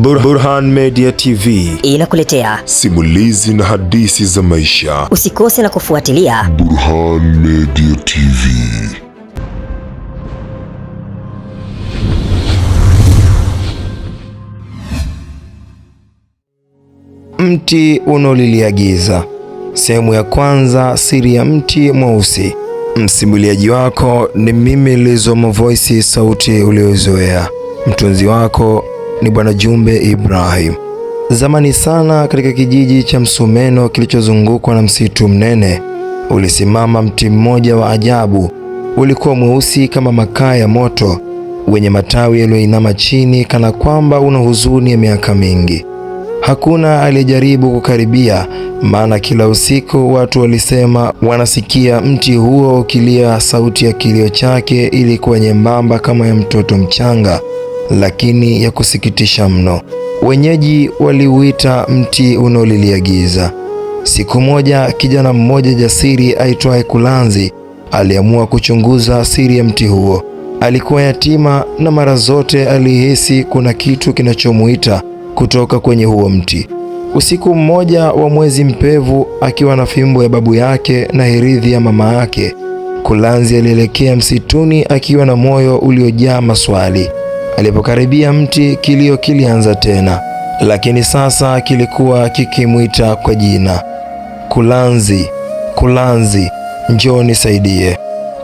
Burhan Media TV inakuletea simulizi na hadithi za maisha. Usikose na kufuatilia Burhan Media TV. Mti unaolilia giza, sehemu ya kwanza. Siri ya mti mweusi. Msimuliaji wako ni mimi Lizo Voice, sauti uliozoea, mtunzi wako ni Bwana Jumbe Ibrahim. Zamani sana, katika kijiji cha Msumeno kilichozungukwa na msitu mnene, ulisimama mti mmoja wa ajabu. Ulikuwa mweusi kama makaa ya moto, wenye matawi yaliyoinama chini, kana kwamba una huzuni ya miaka mingi. Hakuna aliyejaribu kukaribia, maana kila usiku watu walisema wanasikia mti huo ukilia. Sauti ya kilio chake ilikuwa nyembamba kama ya mtoto mchanga, lakini ya kusikitisha mno. Wenyeji waliuita mti unaolilia giza. Siku moja kijana mmoja jasiri aitwaye Kulanzi aliamua kuchunguza siri ya mti huo. Alikuwa yatima na mara zote alihisi kuna kitu kinachomuita kutoka kwenye huo mti. Usiku mmoja wa mwezi mpevu, akiwa na fimbo ya babu yake na hirithi ya mama yake, Kulanzi alielekea msituni akiwa na moyo uliojaa maswali. Alipokaribia mti, kilio kilianza tena, lakini sasa kilikuwa kikimwita kwa jina, Kulanzi, Kulanzi, njoo nisaidie.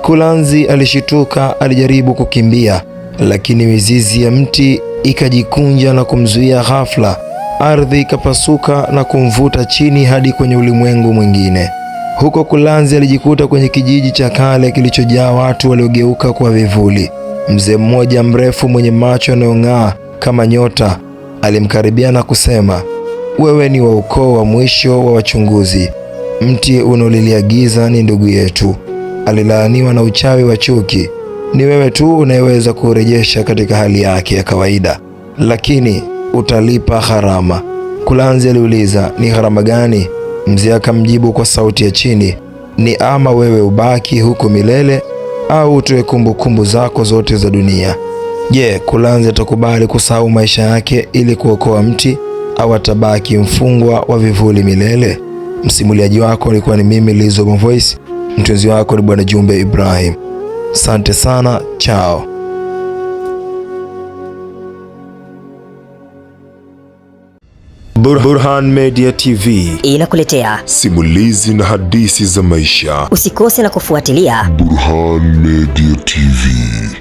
Kulanzi alishituka, alijaribu kukimbia, lakini mizizi ya mti ikajikunja na kumzuia. Ghafla ardhi ikapasuka na kumvuta chini hadi kwenye ulimwengu mwingine. Huko Kulanzi alijikuta kwenye kijiji cha kale kilichojaa watu waliogeuka kwa vivuli. Mzee mmoja mrefu mwenye macho yanayong'aa kama nyota alimkaribia na kusema, wewe ni wa ukoo wa mwisho wa wachunguzi. Mti unaolilia giza ni ndugu yetu, alilaaniwa na uchawi wa chuki. Ni wewe tu unayeweza kurejesha katika hali yake ya kawaida, lakini utalipa gharama. Kulanzi aliuliza, ni gharama gani? Mzee akamjibu kwa sauti ya chini, ni ama wewe ubaki huku milele au utoe kumbukumbu zako zote za dunia. Je, Kulanzi atakubali kusahau maisha yake ili kuokoa mti au atabaki mfungwa wa vivuli milele? Msimuliaji wako alikuwa ni mimi Lizo Voice, mtunzi wako ni Bwana Jumbe Ibrahim. sante sana, chao. Burhan Media TV inakuletea simulizi na hadithi za maisha. Usikose na kufuatilia Burhan Media TV.